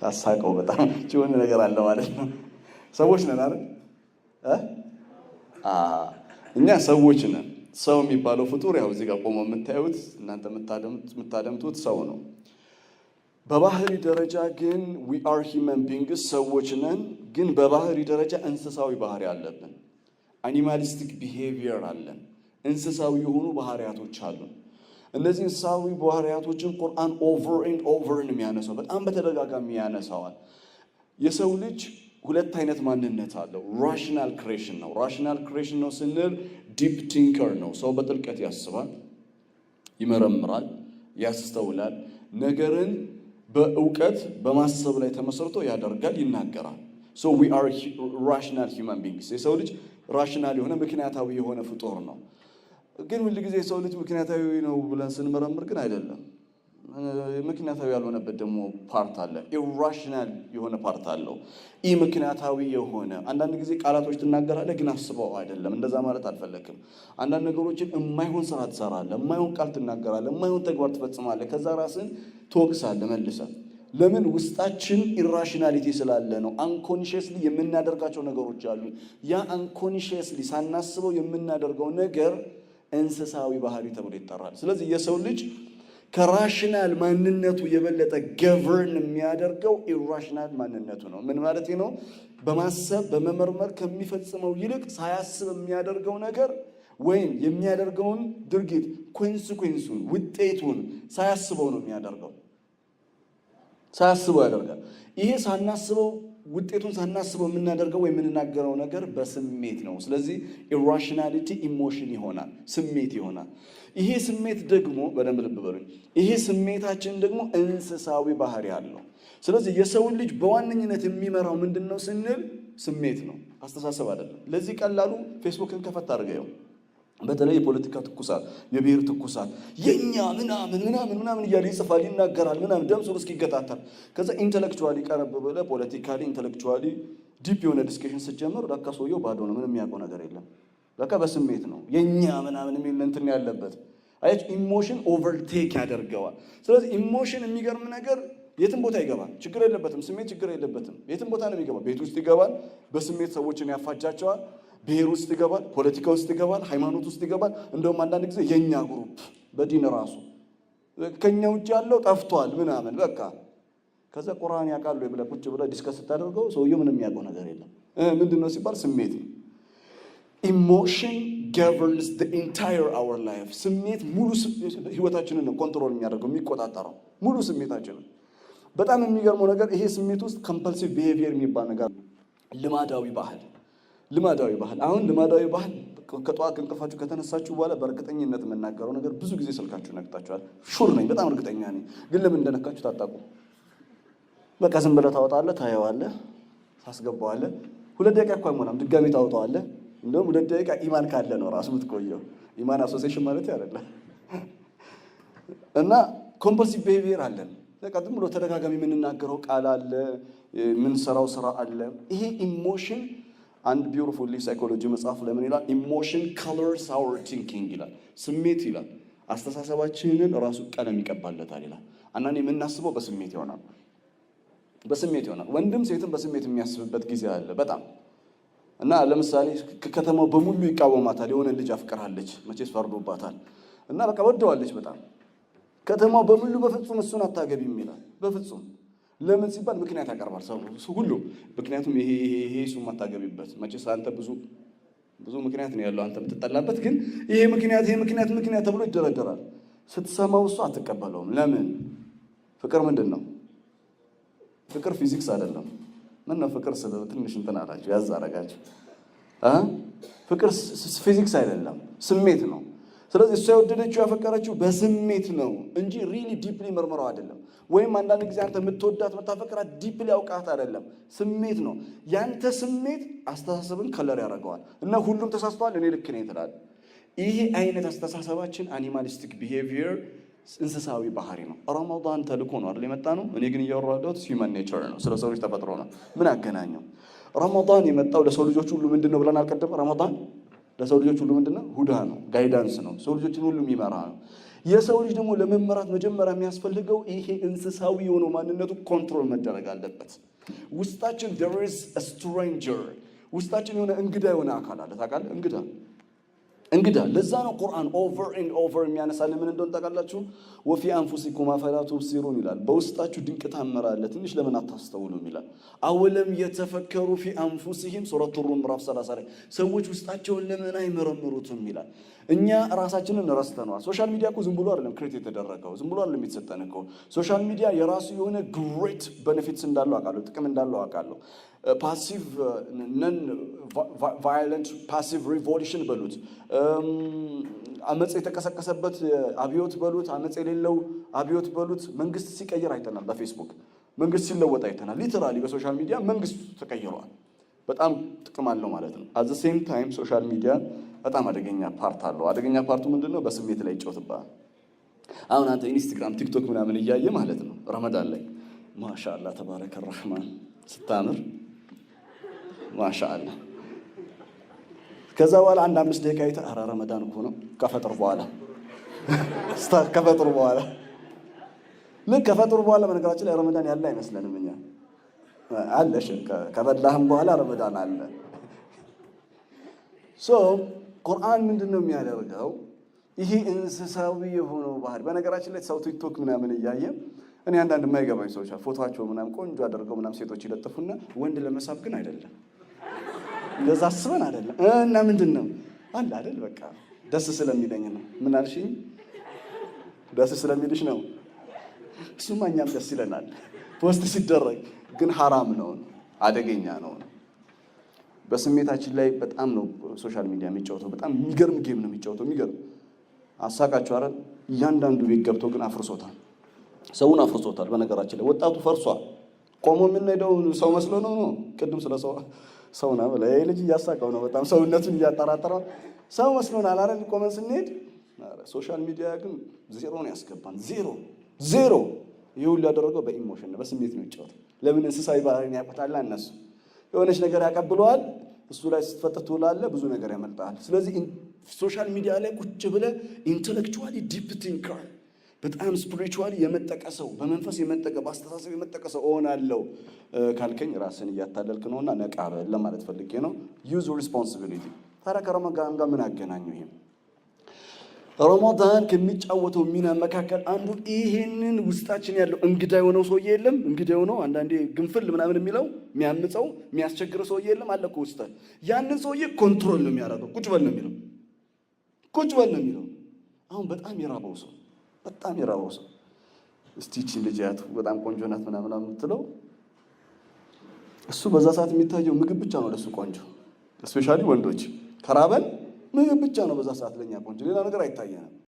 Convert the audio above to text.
ታሳቀው በጣም የሆነ ነገር አለ ማለት ነው። ሰዎች ነን አይደል? እኛ ሰዎች ነን። ሰው የሚባለው ፍጡር ያው እዚህ ጋር ቆሞ የምታዩት እናንተ የምታደምጡት ሰው ነው። በባህሪ ደረጃ ግን ዊ አር ሂመን ቢንግስ ሰዎች ነን። ግን በባህሪ ደረጃ እንስሳዊ ባህሪ አለብን። አኒማሊስቲክ ቢሄቪየር አለን። እንስሳዊ የሆኑ ባህሪያቶች አሉን። እነዚህ እንስሳዊ ባህሪያቶችን ቁርአን ኦቨር ኤንድ ኦቨር የሚያነሳው በጣም በተደጋጋሚ ያነሳዋል። የሰው ልጅ ሁለት አይነት ማንነት አለው። ራሽናል ክሬሽን ነው። ራሽናል ክሬሽን ነው ስንል ዲፕ ቲንከር ነው። ሰው በጥልቀት ያስባል፣ ይመረምራል፣ ያስተውላል። ነገርን በእውቀት በማሰብ ላይ ተመስርቶ ያደርጋል፣ ይናገራል። ሶ ዊ አር ራሽናል ሂውማን ቢንግስ። የሰው ልጅ ራሽናል የሆነ ምክንያታዊ የሆነ ፍጡር ነው። ግን ሁልጊዜ የሰው ልጅ ምክንያታዊ ነው ብለን ስንመረምር ግን አይደለም። ምክንያታዊ ያልሆነበት ደግሞ ፓርት አለ። ኢራሽናል የሆነ ፓርት አለው። ኢ ምክንያታዊ የሆነ አንዳንድ ጊዜ ቃላቶች ትናገራለህ፣ ግን አስበው አይደለም። እንደዛ ማለት አልፈለግም። አንዳንድ ነገሮችን የማይሆን ስራ ትሰራለህ፣ የማይሆን ቃል ትናገራለህ፣ የማይሆን ተግባር ትፈጽማለህ። ከዛ ራስን ትወቅሳለህ መልሰህ። ለምን? ውስጣችን ኢራሽናሊቲ ስላለ ነው። አንኮንሽየስሊ የምናደርጋቸው ነገሮች አሉ። ያ አንኮንሽየስሊ ሳናስበው የምናደርገው ነገር እንስሳዊ ባህሪ ተብሎ ይጠራል። ስለዚህ የሰው ልጅ ከራሽናል ማንነቱ የበለጠ ገቨርን የሚያደርገው ኢራሽናል ማንነቱ ነው። ምን ማለት ነው? በማሰብ በመመርመር ከሚፈጽመው ይልቅ ሳያስብ የሚያደርገው ነገር ወይም የሚያደርገውን ድርጊት ኮንስኩንሱን ውጤቱን ሳያስበው ነው የሚያደርገው። ሳያስበው ያደርጋል። ይሄ ሳናስበው ውጤቱን ሳናስበው የምናደርገው ወይ የምንናገረው ነገር በስሜት ነው። ስለዚህ ኢራሽናሊቲ ኢሞሽን ይሆናል፣ ስሜት ይሆናል። ይሄ ስሜት ደግሞ በደንብ ልብ በሉኝ፣ ይሄ ስሜታችን ደግሞ እንስሳዊ ባህሪ አለው። ስለዚህ የሰውን ልጅ በዋነኝነት የሚመራው ምንድን ነው ስንል ስሜት ነው፣ አስተሳሰብ አይደለም። ለዚህ ቀላሉ ፌስቡክን ከፈት አድርገው በተለይ የፖለቲካ ትኩሳት፣ የብሔር ትኩሳት የኛ ምናምን ምናምን ምናምን እያለ ይጽፋል፣ ይናገራል፣ ምናምን ደም ስሩ እስኪገታታል። ከዛ ኢንተሌክቹዋሊ ቀረብ ብለህ ፖለቲካሊ ኢንተሌክቹዋሊ ዲፕ የሆነ ዲስኬሽን ስትጀምር ለካ ሰውየው ባዶ ነው፣ ምንም የሚያውቀው ነገር የለም። ለካ በስሜት ነው የኛ ምናምን የሚል እንትን ያለበት አያች ኢሞሽን ኦቨርቴክ ያደርገዋል። ስለዚህ ኢሞሽን የሚገርም ነገር የትም ቦታ ይገባል፣ ችግር የለበትም። ስሜት ችግር የለበትም፣ የትም ቦታ ነው የሚገባ። ቤት ውስጥ ይገባል፣ በስሜት ሰዎችን ያፋጃቸዋል። ብሔር ውስጥ ይገባል፣ ፖለቲካ ውስጥ ይገባል፣ ሃይማኖት ውስጥ ይገባል። እንደውም አንዳንድ ጊዜ የእኛ ግሩፕ በዲን ራሱ ከኛ ውጭ ያለው ጠፍቷል ምናምን በቃ ከዛ ቁርአን ያውቃሉ ብለህ ቁጭ ብለህ ዲስከስ ስታደርገው ሰውየው ምንም የሚያውቀው ነገር የለም። ምንድን ነው ሲባል ስሜት ነው። ኢሞሽን ገቨርንስ ዘ ኢንታየር አወር ላይፍ። ስሜት ሙሉ ህይወታችንን ነው ኮንትሮል የሚያደርገው የሚቆጣጠረው ሙሉ ስሜታችንን። በጣም የሚገርመው ነገር ይሄ ስሜት ውስጥ ኮምፐልሲቭ ቢሄቪየር የሚባል ነገር ልማዳዊ ባህል ልማዳዊ ባህል አሁን ልማዳዊ ባህል ከጠዋት ከእንቅልፋችሁ ከተነሳችሁ በኋላ በእርግጠኝነት የምናገረው ነገር ብዙ ጊዜ ስልካችሁ ነግታችኋል። ሹር ነኝ፣ በጣም እርግጠኛ ነኝ። ግን ለምን እንደነካችሁ ታጣቁ። በቃ ዝም ብለህ ታወጣለህ፣ ታየዋለህ፣ ታስገባዋለህ። ሁለት ደቂቃ እኮ አይሞላም፣ ድጋሜ ታወጣዋለህ። እንደውም ሁለት ደቂቃ ኢማን ካለ ነው ራሱ ምትቆየው። ኢማን አሶሴሽን ማለት ያደለ እና ኮምፐልሲቭ ቢሄቪየር አለን። በቃ ዝም ብሎ ተደጋጋሚ የምንናገረው ቃል አለ፣ የምንሰራው ስራ አለ። ይሄ ኢሞሽን አንድ ቢውቲፉሊ ሳይኮሎጂ መጽሐፍ ለምን ይላል? ኢሞሽን ከለርስ አወር ቲንኪንግ ይላል። ስሜት ይላል አስተሳሰባችንን ራሱ ቀለም ይቀባለታል ይላል። አንዳንዴ የምናስበው በስሜት ይሆናል በስሜት ይሆናል። ወንድም ሴትም በስሜት የሚያስብበት ጊዜ አለ በጣም እና ለምሳሌ ከተማው በሙሉ ይቃወማታል። የሆነ ልጅ አፍቅራለች መቼስ ፈርዶባታል እና በቃ ወደዋለች በጣም ከተማው በሙሉ በፍጹም እሱን አታገቢም ይላል በፍጹም ለምን ሲባል ምክንያት ያቀርባል ሰው ሁሉ። ምክንያቱም ይሄ ይሄ እሱ የማታገቢበት መቼስ አንተ ብዙ ብዙ ምክንያት ነው ያለው አንተ የምትጠላበት፣ ግን ይሄ ምክንያት ይሄ ምክንያት ምክንያት ተብሎ ይደረደራል። ስትሰማው እሱ አትቀበለውም። ለምን? ፍቅር ምንድን ነው? ፍቅር ፊዚክስ አይደለም። ምን ነው ፍቅር ስለ ትንሽ እንትን አላችሁ ያዝ አረጋችሁ። ፍቅር ፊዚክስ አይደለም፣ ስሜት ነው። ስለዚህ እሷ የወደደችው ያፈቀረችው በስሜት ነው እንጂ ሪሊ ዲፕሊ መርምረው አይደለም። ወይም አንዳንድ ጊዜ አንተ የምትወዳት የምታፈቅራት ዲፕሊ አውቃት አይደለም፣ ስሜት ነው። ያንተ ስሜት አስተሳሰብን ከለር ያደርገዋል እና ሁሉም ተሳስተዋል እኔ ልክ ነኝ ትላለህ። ይሄ አይነት አስተሳሰባችን አኒማሊስቲክ ቢሄቪየር እንስሳዊ ባህሪ ነው። ረመዳን ተልኮ ነው አይደል የመጣ ነው። እኔ ግን እያወራሁት ሂውማን ኔቸር ነው፣ ስለ ሰው ልጅ ተፈጥሮ ነው። ምን አገናኘው? ረመዳን የመጣው ለሰው ልጆች ሁሉ ምንድን ነው ብለን አልቀደም ረመዳን ለሰው ልጆች ሁሉ ምንድነው ሁዳ ነው፣ ጋይዳንስ ነው፣ ሰው ልጆችን ሁሉ የሚመራ ነው። የሰው ልጅ ደግሞ ለመመራት መጀመሪያ የሚያስፈልገው ይሄ እንስሳዊ የሆነው ማንነቱ ኮንትሮል መደረግ አለበት። ውስጣችን there ውስጣችን የሆነ እንግዳ የሆነ አካል አለ ታውቃለህ እንግዳ እንግዳ። ለዛ ነው ቁርአን ኦቨር ኤንድ ኦቨር የሚያነሳልን ምን እንደሆነ ታውቃላችሁ? ወፊ አንፉሲኩም አፈላ ቱብሲሩን ይላል። በውስጣችሁ ድንቅ ታምር አለ፣ ትንሽ ለምን አታስተውሉም ይላል። አወለም የተፈከሩ ፊ አንፉሲሂም ሱረቱ ሩም ምዕራፍ 30 ላይ ሰዎች ውስጣቸውን ለምን አይመረምሩትም ይላል። እኛ ራሳችንን ረስተነዋል። ሶሻል ሚዲያ ዝም ብሎ አይደለም ክሬት የተደረገው፣ ዝም ብሎ አይደለም የተሰጠን ሶሻል ሚዲያ የራሱ የሆነ ግሬት ቤኔፊትስ እንዳለው አውቃለሁ፣ ጥቅም እንዳለው አውቃለሁ። ፓሲቭ ነን ቫዮለንት ፓሲቭ ሪቮሉሽን በሉት፣ አመፅ የተቀሰቀሰበት አብዮት በሉት፣ አመፅ የሌለው አብዮት በሉት። መንግስት ሲቀይር አይተናል። በፌስቡክ መንግስት ሲለወጥ አይተናል። ሊተራሊ በሶሻል ሚዲያ መንግስት ተቀይረዋል። በጣም ጥቅም አለው ማለት ነው። አት ዘ ሴም ታይም ሶሻል ሚዲያ በጣም አደገኛ ፓርት አለው። አደገኛ ፓርቱ ምንድን ነው? በስሜት ላይ ይጫወትብሃል። አሁን አንተ ኢንስታግራም፣ ቲክቶክ ምናምን እያየ ማለት ነው ረመዳን ላይ ማሻላ ተባረከ ራህማን ስታምር ማሻአላ። ከዛ በኋላ አንድ አምስት ደቂቃ ይተ ኧረ ረመዳን እኮ ነው ከፈጥር በኋላ ከፈጥሩ በኋላ ምን ከፈጥሩ በኋላ በነገራችን ላይ ረመዳን ያለ አይመስለንም እኛ አለሽ ከበላህም በኋላ ረመዳን አለ። ሶ ቁርአን ምንድን ነው የሚያደርገው? ይሄ እንስሳዊ የሆነው ባህል በነገራችን ላይ ሰው ቲክቶክ ምናምን እያየ እኔ አንዳንድ የማይገባኝ ሰዎች ፎቶቸው ምናምን ቆንጆ አደርገው ምናምን ሴቶች ይለጥፉና ወንድ ለመሳብ ግን አይደለም እንደዛ አስበን አይደለም። እና ምንድን ነው አንድ አይደል? በቃ ደስ ስለሚለኝ ነው። ምን አልሽኝ? ደስ ስለሚልሽ ነው። እሱማ እኛም ደስ ይለናል። ፖስት ሲደረግ ግን ሀራም ነው፣ አደገኛ ነው። በስሜታችን ላይ በጣም ነው ሶሻል ሚዲያ የሚጫወተው። በጣም የሚገርም ጌም ነው የሚጫወተው። የሚገርም አሳቃችሁ አረን። እያንዳንዱ ቤት ገብቶ ግን አፍርሶታል፣ ሰውን አፍርሶታል። በነገራችን ላይ ወጣቱ ፈርሷል። ቆሞ የምንሄደው ሰው መስሎ ነው ነው ቅድም ስለ ሰው ሰው ነው ብለህ ይህ ልጅ እያሳቀው ነው በጣም ሰውነቱን እያጠራጠረው ሰው መስሎናል አላረን ቆመን ስንሄድ ሶሻል ሚዲያ ግን ዜሮ ነው ያስገባን። ዜሮ ዜሮ። ይህ ሁሉ ያደረገው በኢሞሽን በስሜት ነው ይጫወት። ለምን እንስሳዊ ባህሪን ያቆጣላ። እነሱ የሆነች ነገር ያቀብለዋል፣ እሱ ላይ ስትፈጥር ትውላለ ብዙ ነገር ያመልጣል። ስለዚህ ሶሻል ሚዲያ ላይ ቁጭ ብለ ኢንተሌክቹዋሊ ዲፕ ቲንከር በጣም ስፒሪቹዋል የመጠቀ ሰው በመንፈስ የመጠቀ በአስተሳሰብ የመጠቀ ሰው እሆናለሁ ካልከኝ ራስን እያታለልክ ነውና ነቃ በል ለማለት ፈልጌ ነው። ዩዝ ሪስፖንሲቢሊቲ። ታዲያ ከረመዳን ጋር ምን አገናኙ? ይሄ ረመዳን ከሚጫወተው ሚና መካከል አንዱ ይሄንን ውስጣችን ያለው እንግዳ የሆነው ሰውዬ የለም። እንግዳ የሆነው አንዳንዴ ግንፍል ምናምን የሚለው የሚያምፀው የሚያስቸግረው ሰውዬ የለም አለ እኮ ውስጥ። ያንን ሰውዬ ኮንትሮል ነው የሚያደርገው። ቁጭ በል ነው የሚለው። ቁጭ በል ነው የሚለው። አሁን በጣም የራበው ሰው በጣም የራበው ሰው እስቲ ልጅ ያት በጣም ቆንጆ ናት ምናምን የምትለው እሱ በዛ ሰዓት የሚታየው ምግብ ብቻ ነው ለሱ ቆንጆ። እስፔሻሊ ወንዶች ከራበን ምግብ ብቻ ነው በዛ ሰዓት ለኛ ቆንጆ፣ ሌላ ነገር አይታየንም።